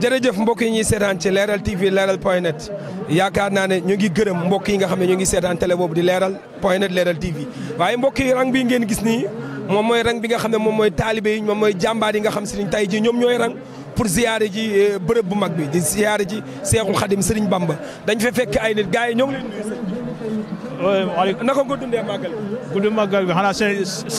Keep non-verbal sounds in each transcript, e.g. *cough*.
jërëjëf mbokk yi ñuy seetaan ci leeral TV leeral point net yaakaar naa ne ñu ngi gërëm mbokk yi nga xam ne ñu ngi seetaan télé boobu di leeral point net leeral TV waaye mbokk yi rang bi ngeen gis ni moom mooy rang bi nga xam ne moom mooy taalibe yi moom mooy jàmbaar yi nga xam si ne ji jii ñoom ñooy rang pour ziyaare ji eh, bërëb bu mag bi di ziyaare ji seexu Xadim Sëriñ Bamba dañ fa fekk ay nit gars yi ñoo ngi leen nuyu. waaleykum naka nga ko dundee màggal. guddi bi xanaa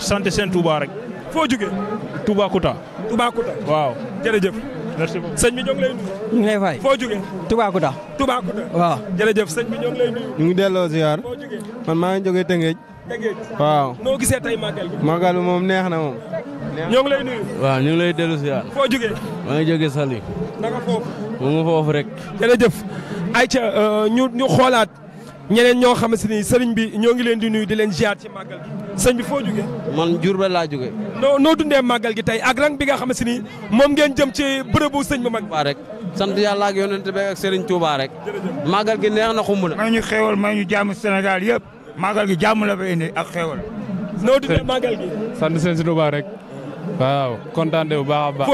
sant seen Tuubaa rek. foo jógee. Toubacouta. Toubacouta waaw. jërëjëf. merci beaucoup sëñ bi ñoo ngi lay nuyu. ñu waaw. jërëjëf sëñ bi ñu ngi delloo ziar. man maa ngi jógee Tëngéej. Tëngéej waaw. noo gisee tey màggal moom neex na moom. ñoo ngi lay waaw ñu ngi lay dellu ziar. foo jógee. maa ngi jógee Saly. naka foofu. mu foofu rek. jërëjëf. ayca euh, ñu xoolaat ñeneen ñoo xam ni sëriñ bi ñoo ngi leen di nuyu di leen ziar ci màggal gi sëñ bi foo jógee. man Diourbel laa jóge noo noo dundee màggal gi tey ak rang bi nga xam ni moom ngeen jëm ci bërëbu sëñ bu mag. waa rek sant yàlla ak yonent bi ak Serigne Touba rek. màggal gi neex na xumb na. may ñu xéewal may senegal jàmm Sénégal yëpp màggal gi jàmm la fa indi ak xéewal. noo dundee màggal gi. sant Serigne Touba rek. waaw kontaan de bu baax a baax.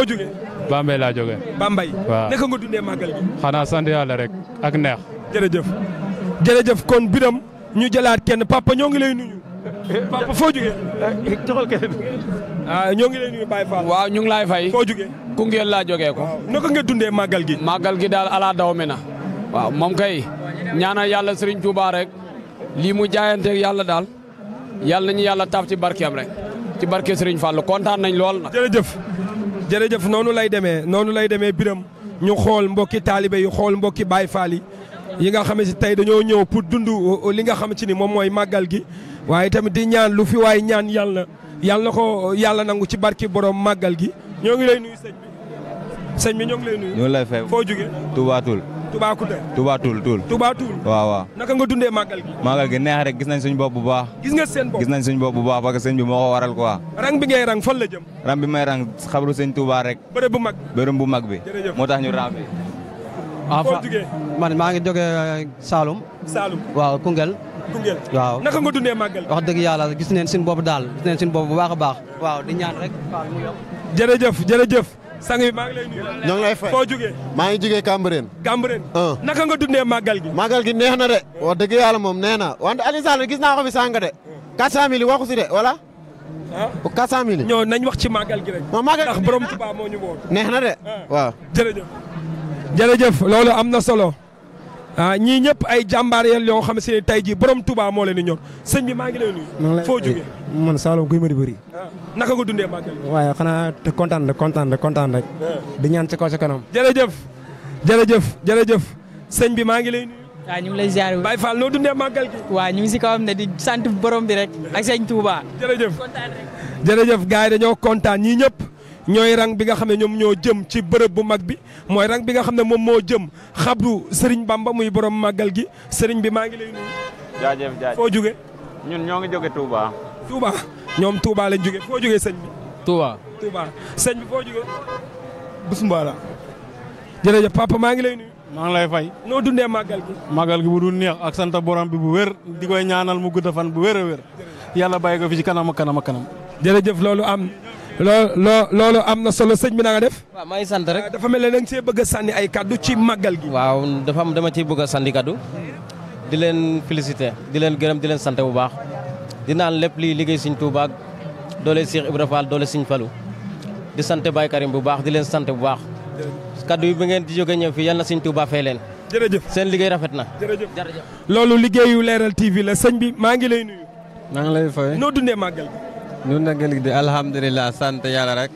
laa jógee. Bambey. waaw naka nga dundee rek ak neex. jërëjëf jërëjëf kon biram ñu jëlaat kenn papa ñoo ngi lay nuyu. papa foo ah, ñoo ngi waaw ñu ngi laay fay. foo jugee. Koungheul laa jógee ko. naka nga tundee màggal gi. màggal gi daal ala daw mi na. waaw moom kay ñaanal yàlla Serigne Touba rek lii mu jaayanteeg yàlla daal yàlla nañu yàlla taaf ci barkeem rek ci barke Serigne Fall kontaan nañ lool nag. jërëjëf noonu lay demee noonu lay demee biram ñu xool mbokki taalibe yi xool mbokki Baye Fall yi nga xam ne tey dañoo ñëw pour dund li nga xam ci ni moom mooy màggal gi waaye tamit di ñaan lu fi waaye ñaan yàlla yàlla na ko yàlla nangu ci barki borom màggal gi ñoo ngi lay nuyu sëñ bi sëñ bi ñoo ngi lay nuyu. ñoo lay fay foo jugee. Touba Toul. waaw waaw. naka nga dundee màggal gi. màggal gi neex rek gis nañ suñ bopp bu baax. gis nga seen bopp gis nañ suñu bopp bu baax parce que sëñ bi moo ko waral quoi. rang bi ngay rang fan la jëm. rang bi may rang xabru sëñ Touba rek. bërëb bu mag. bërëb bu mag bi. tax ñu rang waaw ah, man maa ngi jóge euh, Saalum. Saalum waaw Koungheul. Koungheul waaw naka nga dundee màggal. wax dëgg yàlla gis neen suñu bopp daal gis neen suñu bopp bu baax a baax. waaw di ñaan rek Paar jërëjëf jërëjëf. sang yi nuyu. ñoo ngi fay foo jugee. maa ngi jugee Cambérène. Cambérène. naka nga dundee màggal gi. màggal gi neex na de. wax dëgg yàlla moom nee na wante Alioune Sall gis naa ko fi sànq de. 400000 waxu si de voilà. ah 400000. ñoo nañ wax ci màggal gi rek. non màggal ndax borom Tuubaa moo ñu woon. neex na de ah. waaw jërëjëf loolu am na solo a ah, ñii ñëpp ay jàmbaar yeen yoo xam si ne tey jii borom Touba moo leen di ñor sëñ bi maa ngi lay nuyu. foo jógee man Saloum guy ma di bëri. naka nga dundee Màggal. waaye xanaa te kontaan rek kontaan rek kontaan rek. Ah. kanam. jërëjëf jërëjëf jërëjëf sëñ bi maa ngi lay nuyu. waaw ñu ngi lay ziar. Baye Fall noo dundee màggal gi. waaw ñu si kawam ne di sant borom bi rek. ak sëñ Touba. jërëjëf kontaan rek. jërëjëf gars yi kontaan ñii ñëpp. ñooy rang bi nga xam ne ñoom ñoo jëm ci bërëb bu mag bi mooy rang bi nga xam ne moom moo jëm xabu sëriñ Bamba muy borom màggal gi sëriñ bi maa ngi lay nuyu. jaajëf jaajëf foo jóge ñun ñoo ngi jóge tuubaa Touba ñoom Touba lañ jóge foo jóge sëñ bi. Touba Touba sëñ bi foo jóge. Bismillah. jërëjëf papa maa ngi lay nuyu. maa ngi lay fay. noo dundee màggal gi. màggal gi bu dul neex ak sant borom bi bu wér di koy ñaanal mu gudd fan bu wér a wér. yàlla bàyyi ko fi ci kanam kanam ak loo loo loolu am na solo sëñ bi na def. waaw maa ngi sant rek. dafa mel ne da nga bëgg sànni ay kaddu ci màggal gi. waaw dafa am dama ciy bëgg a sànni kaddu. di leen félicité di leen gërëm di leen sante bu baax. di naan lépp lii liggéey sëñ Tuuba ak doole Cheikh Ibra Fall doole sëñ Fallu di sante Baye Karim bu baax di leen sant bu baax. kaddu yi ba ngeen di jóge ñëw fii yal na sëñ Tuuba fay leen. jërëjëf seen liggéey rafet na. jërëjëf loolu liggéeyu Leral TV la sëñ bi maa ngi lay nuyu. maa ngi lay fay dundee màggal ñun nag léegi di alhamdulilah sant yàlla rek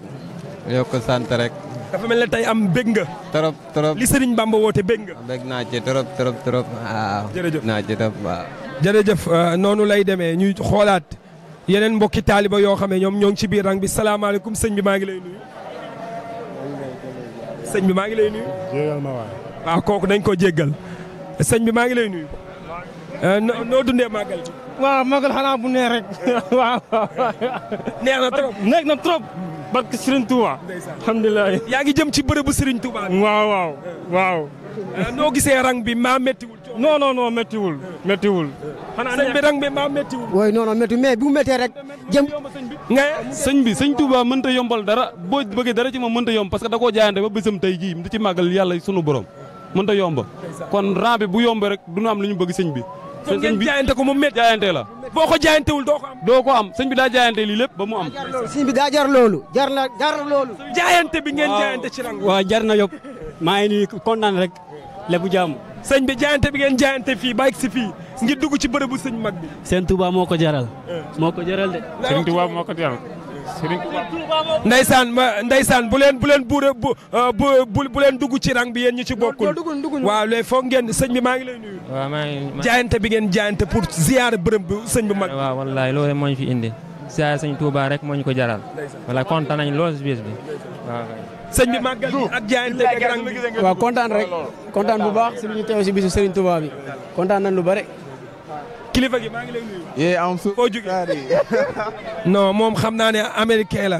yokk sant rek. dafa mel ne tey am bég nga. trop trop li Serigne Bamba woote bég nga. bég naa ci trop trop trop. waaw jërëjëf naa ci jërëjëf euh, noonu lay demee ñuy xoolaat yeneen mbokki taaliba yoo xam ne ñoom ñoo ngi ci biir rang bi salaamaaleykum sëñ bi maa ngi lay nuyu. sëñ bi maa ngi lay nuyu. jégal ah, kooku dañ ko jéggal sëñ bi maa ngi lay nuyu. Euh, noo dundee màggal bi waaw magal xanaa bu neex rek *laughs* waaw. neex na trop neex na trop. barke Serigne Touba. alhamdulilah. yaa ngi jëm ci bërëbu Serigne Touba. waaw waaw eh. waaw. Eh, noo gisee rang bi maa méttiwul. non non non méttiwul méttiwul. xanaa sëñ bi rang bi maa méttiwul. oui non non métti mais bu méttee rek. jëm nga sëñ bi sëñ Touba mënta yombal dara boo bëggee dara ci moom mënta yomb parce que da koo jaayante ba bésam tey jii di ci màggal yàlla sunu borom mënta yomb kon rang bu yomb rek du ñu am lu ñu bëgg sëñ bi. kon bi jaayante ko mu métti jaayante boo ko jaayantewul doo ko am doo am sëñ bi daa jaayante lii lépp ba mu am sëñ bi daa jar loolu jar na jar jaayante bi ngeen jaayante ci rang waaw jar na yëpp maa ngi nii kontaan rek lébu jàmm sëñ bi jaayante bi ngeen jaayante fii ba si fii ngir dugg ci bërëbu sëñ mat bi sëñ Touba moo ko jaral eh. moo ko jaral de sëñ Touba moo ko jaral ndeysaan ma ndeysaan bu leen bu leen buur euh, bu bu bu leen dugg ci rang bi yéen ñi ci bokkul waaw léegi foog ngeen sëñ bi maa ngi lay nuyu. waaw maa ngi jaayante bi ngeen jaayante pour ziyaar bërëb bu sëñ bu mag. waaw wallaay loolu moo ñu fi indi. ziyaar sëñ Touba rek moo ñu ko jaral. wala kontaan nañ lool si bés bi sëñ bi màggal ak jaayante ak rang bi. waaw kontaan rek kontaan bu baax si lu ñu teew si bisu Serigne Touba bi kontaan nañ lu bare. kilifa gi maa ngi lay nuyu. *laughs* moom xam naa ne américain la.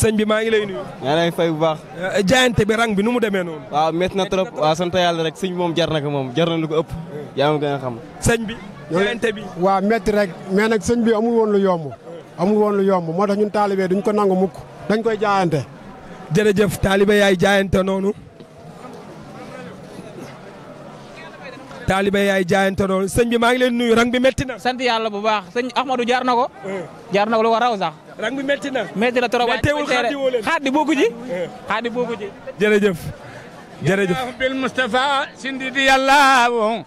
sëñ bi maa ngi lay nuyu. yaa fay bu baax. Eh, jaayante bi rang bi nu mu demee noonu. waaw métti na trop waaw sant yàlla rek sëñ bi moom jar na ko moom jar na lu ko ëpp. yaa ma gën a xam. sëñ bi. jaayante bi waaw métti rek mais nag sëñ bi amul woon lu yomb. amul woon lu yomb moo tax ñun taalibe duñ ko nangu mukk dañ koy jaayante. jërëjëf taalibe yaay jaayante noonu. taalibe yaay jaayante lool sëñ bi maa ngi leen nuyu rang bi metti na. sant yàlla bu baax sëñ Ahmadou jaar na ko. jaar na ko lu rang bi metti na. metti na trop waaye teewul xaati woo leen xaati bokku ji. Eh. xaati bokku ji. jërëjëf. jërëjëf bil Mustafa sindi di yàllaawu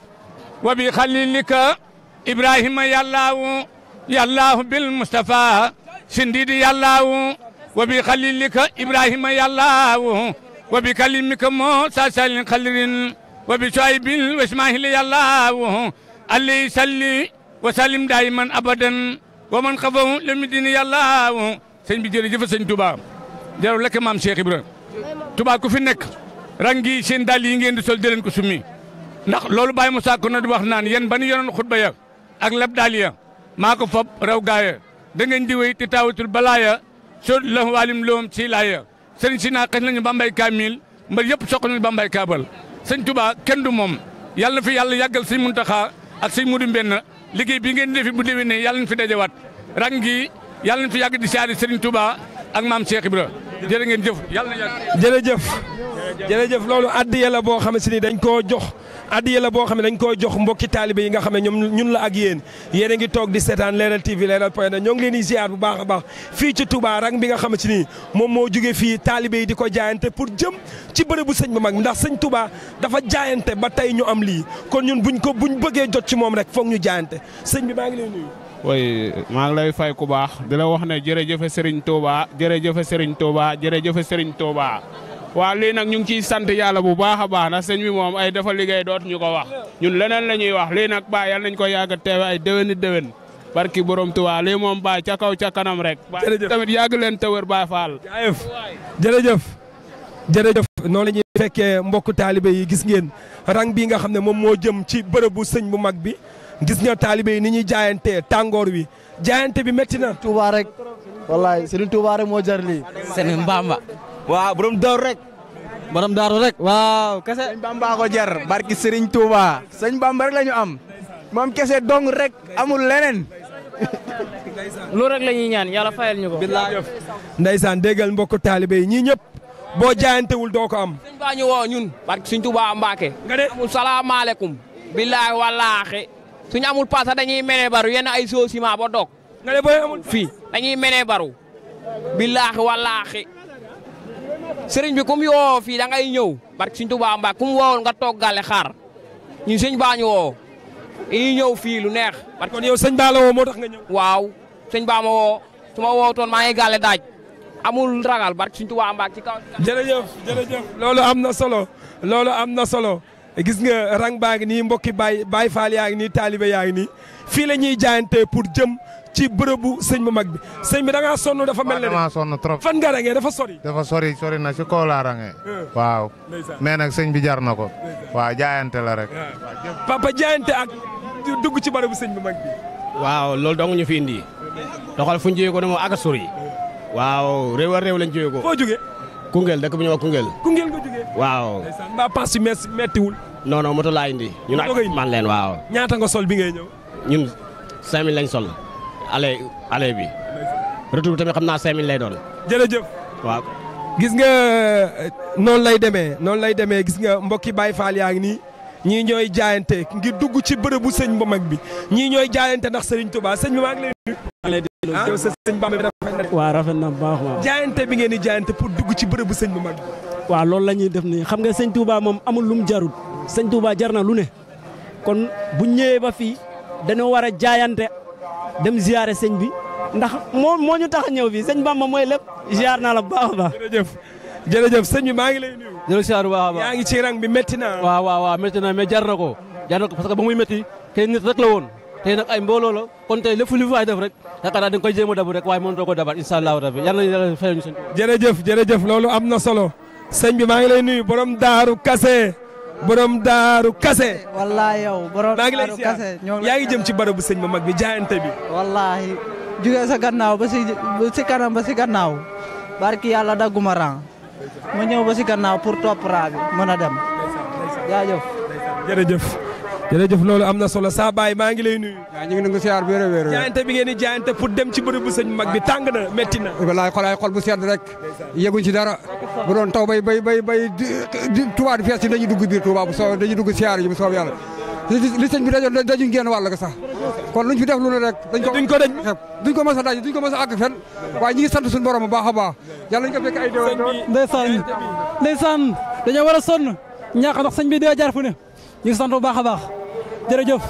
wa bi xalilika Ibrahima yàllaawu yàllaahu bil Mustafa sindi moo saa salin wa bi وبشعيب واسماعيل الله علي صلي وسلم دائما ابدا ومن خفه لم يدني الله sëñ bi jërëjëf sëñ Touba jarul lekk maam Cheikh Ibra Touba ku fi nekk rangi seen dàll yi ngeen di sol di leen ko summi ndax loolu Baye Moussa ko na di wax naan yéen ba nu yoroon xutba ya ak lab daal ya maa ko fob raw gaaya da di wéy ti taawatul balaaya so lahu waalim loom si laaya sëriñ si naa xëy nañu bambay kaamil mbër yëpp soq nañu bambay sëñ Touba kenn du moom yàlla na fi yàlla yàggal sëñ Muntaxa ak sëñ Mudu Mbenn liggéey bii ngeen defi bu déwénee yàlla na fi dajewaat rang gi yàlla na fi yàgg di siyaare sëriñ Touba ak maam Cheikh Ibra jërë ngeen jëf yàlla na jërëjëf jërëjëf loolu addiya yella boo xam si ni dañ koo jox addiya la boo xam ne dañ koo jox mbokki taalibe yi nga xam ne ñoom ñun la ak yéen yéen ngi toog di seetaan leeral TV leeral point ñoo ngi leen di ziar bu baax a baax fii ci tubaa rang bi nga xam si ni moom moo jóge fii taalibe yi di ko jaayante pour jëm ci bu sëñ bu mag ndax sëñ tubaa dafa jaayante ba tey ñu am lii kon ñun buñ ko buñ bëggee jot ci moom rek foog ñu jaayante sëñ bi maa ngi way maa ngi lay fay ku baax di wax ne jërëjëf Serigne Touba jërëjëf Serigne Touba jërëjëf Serigne Touba waa lii nag ñu ngi ciy sant yàlla bu baax a baax na sëñ bi moom ay dafa liggéey doot ñu ko wax ñun leneen la ñuy wax lii nag baa yàlla nañ ko yàgg a teewe ay déwéni déwén barki borom Touba lii moom baa ca kaw ca kanam rek. jërëjëf tamit yàgg leen tëwër Baay Faal. jaayëf jërëjëf jërëjëf. noonu la ñuy fekkee mbokku taalibe yi gis ngeen rang bi nga xam ne moom moo jëm ci bërëbu sëñ bu mag bi gis nga taalibe ni ñuy jaayantee tàngoor wi jaayante bi métti na. Touba rek wallaay Serigne moo jar lii. Serigne Bamba. waaw borom daaru rek. borom daaru rek. waaw kese. Serigne Bamba ko jar barki Serigne Touba. Serigne Bamba rek la ñu am. moom kese dong rek amul leneen. loolu rek la ñuy ñaan yàlla ñu ko. bilaay ndeysaan déggal mbokku taalibe yi ñii boo jaayantewul doo ko am. sëñ baa ñu woo suñ amul paas dañuy mene baru yenn ay soo ciment ba doog. nga ne booy amul fii dañuy mene baru. billaahi wallaahi sëriñ bi kum yoo fii da ngay ñëw barke suñ Tuubaa Mbàkke kum woowoon nga toog gàlle xaar ñun sëñ baa ñu woo dañuy ñëw fii lu neex. parce que kon yow sëñ baa woo moo tax nga ñëw. waaw sëñ baa ma woo su ma wootoon maa ngi gàlle daaj amul ragal barke suñ Tuubaa Mbàkke ci kaw. loolu am na solo loolu am na solo. gis nga rang baa ngi nii mbokki baay baay faal yaa ngi nii taalibe yaa ngi nii fii la ñuy jaayantee pour jëm ci bërëbu sëñ bu mag bi sëñ bi da ngaa sonn dafa mel ne fan nga dafa sori dafa sori sori na si kaw laa rangee eh. waaw mais nag sëñ bi jar na ko waaw jaayante la rek eh. papa jaayante ak dugg ci bërëbu sëñ bu mag bi waaw loolu dong ñu fi indi doxal fu ñu jógee ko ne moom ak a sori eh. waaw réew a réew lañ ko foo jógee Koungheul dëkk bu ñu wax Koungheul waaw. mbaa paas yi metti méttiwul. non non moto laa indi. ñun ak man leen waaw. ñaata nga sol bi ngay ñëw. ñun 5000 lañ sol. ale ale bi. retour bi tamit xam naa 5000 lay doon. jërëjëf. waaw. gis nga eh, noonu lay demee noonu lay demee gis nga mbokki Baye Fall yaa ngi nii ñii ñooy jaayante ngir dugg ci bu sëñ bu mag bi ñii ñooy jaayante ndax Serigne Touba sëñ bi maa ngi lay nuyu. ah sa sëñ Bamba bi rafet na. waaw rafet na jaayante bi ngeen di jaayante pour dugg ci bu sëñ bu mag bi. waaw loolu la ñuy def nii xam nga sëñ Touba moom amul lu mu jarut sëñ Touba jar na lu ne kon bu ñëwee ba fii dañoo war a jaayante dem ziare sëñ bi ndax moo moo ñu tax a ñëw fii sëñ Bamba mooy lépp ziar naa la bu baax a baax. jërëjëf jërëjëf bi maa ngi lay nuyu. jërëjëf ziar baax a baax yaa ngi ci rang naa. waaw waaw waaw métti na mais jar na ko jar na ba muy métti kenn nit rek la woon tey nag ay mbooloo la kon tey lépp lu fay def rek yaakaar naa da koy jéem a dabu rek waaye mënutoo ko dabaat incha allahu rabbi yàlla na yàlla fayal ñu sëñ. jërëjëf jërëjëf loolu am na solo sëñ bi maa ngi lay nuyu borom daaru kase borom daaru kase. wallaahi yow borom daaru kase maa ngi yaa ngi jëm ci barabu sëñ bu mag bi jaayante bi. wallaahi jugee sa gannaaw ba si kanam ba si gannaaw barki yàlla dagguma rang ma ñëw ba si gannaaw pour topp raa bi mën a dem jaajëf jërëjëf. jërëjëf loolu am na solo saa baay maa ngi lay nuyu. waaw ñu ngi nangu siyaar bu wér-wér. jaayante bi ngeen di jaayante pour dem ci bërëb bu sëñ mag bi tàng na bu sedd rek. yëguñ ci dara. bu doon taw bay bay bay bay di bu soobee dañuy dugg siyaar yi bu soobee yàlla. li sëñ bi dajoon dajuñ génn wàll ga sax. kon luñ fi def lu ne rek. dañ ko duñ ko daj duñ ko mës a daj duñ ko mës a àgg fenn. waaye ñu ngi sant suñu borom bu baax a baax. yàlla ko fekk ay déwén. ndeysaan ndeysaan dañoo war a sonn ñaax ndax sëñ bi dee jaar ne ñu sant bu baax a baax jërëjëf.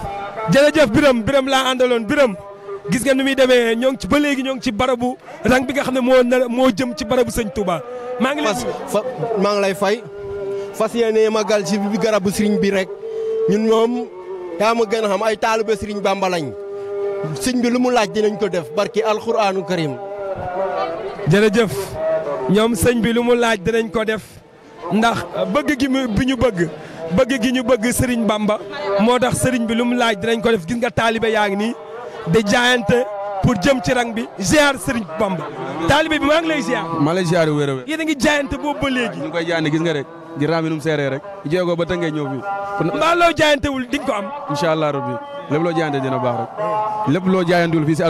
jërëjëf Birame biram laa àndaloon biram gis nga ni muy demee ñoo ci ba léegi ñoo ngi ci barabu rang bi nga xam ne moo moo jëm ci barabu sëñ Touba. maa ngi lay maa ngi lay fay fas yéene magal ci garabu sëriñ bi rek ñun ñoom yaa gën a xam ay taalibe sëriñ bàmbalañ lañ sëñ bi lu mu laaj dinañ ko def barki alxuraanu karim. jërëjëf ñoom sëñ bi lu mu laaj dinañ ko def ndax bëgg gi bi ñu bëgg. bëgg gi bëgg sëriñ Bamba moo tax sëriñ bi lu mu laaj dinañ ko def gis nga taalibe yaa ngi ni di jaayante pour jëm ci rang bi ziar Serigne Bamba. taalibe bi maa ngi lay ziar. maa lay ziar wéer a wéer. yéen ngi jaayante boobu ba léegi. ñu koy jaayante gis nga rek di raami nu mu seeree rek. jéego ba tënkee ñëw fii. mbaa loo jaayantewul di nga ko am. incha allah rabbi lépp loo jaayante dina baax rek lépp loo jaayantewul fii si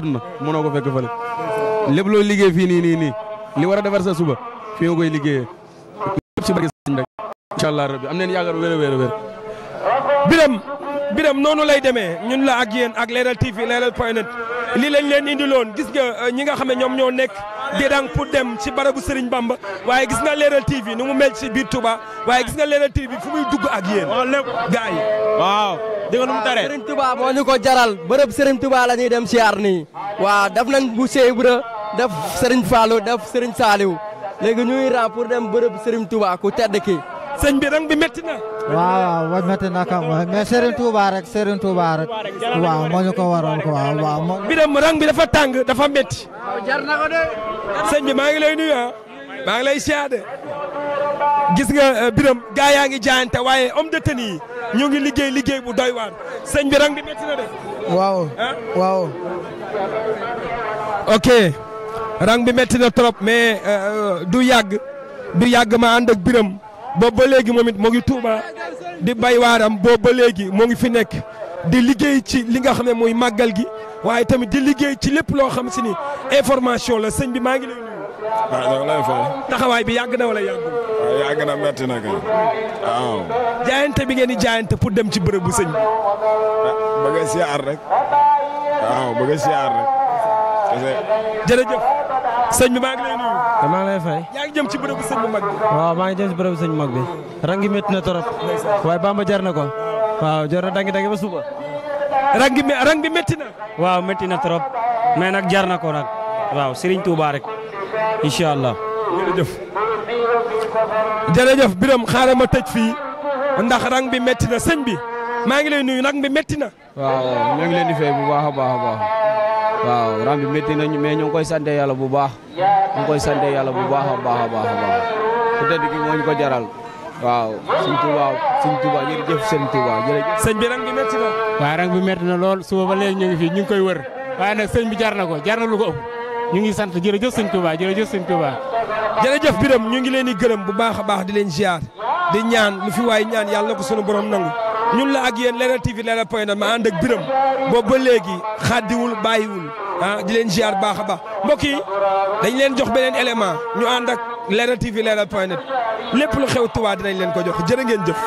mënoo ko fekk fële lépp loo liggéey fii nii nii nii li war a defar sa suba fii nga koy incha allah am nañu yaakaar wér a wér a wér. Birame noonu lay demee ñun la ak yéen ak Leral TV Leral point net lii lañ leen indiloon gis nga euh, ñi nga xam ne ñoom ñoo nekk Guédang pour dem ci barabu sëriñ bamb waaye gis nga Leral TV nu mu mel ci biir Touba waaye gis nga Leral TV fu muy dugg ak yéen. waaw lépp gars yi waaw. dégg nga nu mu taree moo ñu ko jaral bërëb sëriñ Touba la ñuy dem ci aar waa waaw daf nañ bu Cheikh Ibra def Serigne Fallou def sëriñ Saliou léegi ñuy ram pour dem bërëb sëñ bi rang bi metti na. waaw waaw métti na kam mais Serigne Touba rek Serigne waaw moo ko waral ko waaw waaw moo. bi rang bi dafa tàng dafa métti. waaw bi maa ngi lay nuyu ah maa ngi lay siyaade gis nga euh, biram gaa yaa ngi jaayante waaye homme de tenue yi ñu ngi liggéey liggéey bu doy waar sëñ bi rang bi métti na de. waaw ah. waaw. ok rang bi metti na trop mais euh, euh, du yàgg du yàgg ma ànd ak boobu ba léegi moom it moo ngi Touba di bay waaram boobu ba léegi moo ngi fi nekk di liggéey ci li nga xam ne mooy màggal gi waaye tamit di liggéey ci lépp loo xam si ni information la sëñ bi maa ngi lay nuyu. waaw ah, lay fay. taxawaay bi yàgg na walla yàggul. waaw ah, yàgg na metti na kay jaayante bi ngeen di jaayante pour dem ci bërëbu sëñ bi. Ah, bëgg a siyaar rek. waaw bëgg a bi maa ngi lay maa ngi lay yaa ngi jëm ci bërëbu sëñ bu mag bi. waaw maa ngi jëm ci bërëbu sëñ bu mag bi. rangi métti na torop. waaye bamba jar na ko. waaw jar na dangi dangi ba suba. rang bi métti na. waaw métti na trop mais nag jar na ko nag. waaw Serigne Touba rek. incha allah. jërëjëf. jërëjëf tëj fii. ndax rang bi métti na sëñ bi. maa ngi lay nuyu rang bi métti na. waaw ñu ngi leen di fay bu baax a baax waaw ram bi métti nañu mais ñu ngi koy sante yàlla bu baax ñu ngi koy sante yàlla bu baax a baax a baax a baax ku tedd gi moo ñu ko jaral waaw sëñ Touba sëñ Touba jërëjëf sëñ Touba jërëjëf sëñ bi rang bi métti na waaw rang bi métti na lool suba ba léegi ñu ngi fii ñu ngi koy wër waaye nag sëñ bi jar na ko jar na lu ko ëpp ñu ngi sant jërëjëf sëñ Touba jërëjëf sëñ Touba jërëjëf Biram ñu ngi leen di gërëm bu baax a baax di leen ziar di ñaan lu fi waay ñaan yàlla na ko sunu borom nangu ñun la ak yéen Leral TV Leral point net ma ànd ak biram boobu ba léegi xàddiwul bàyyiwul ah di leen ziar baax a baax mbokk yi dañ leen jox beneen élément ñu ànd ak Leral TV Leral point net lépp lu xew Touba dinañ leen ko jox jërë ngeen jëf.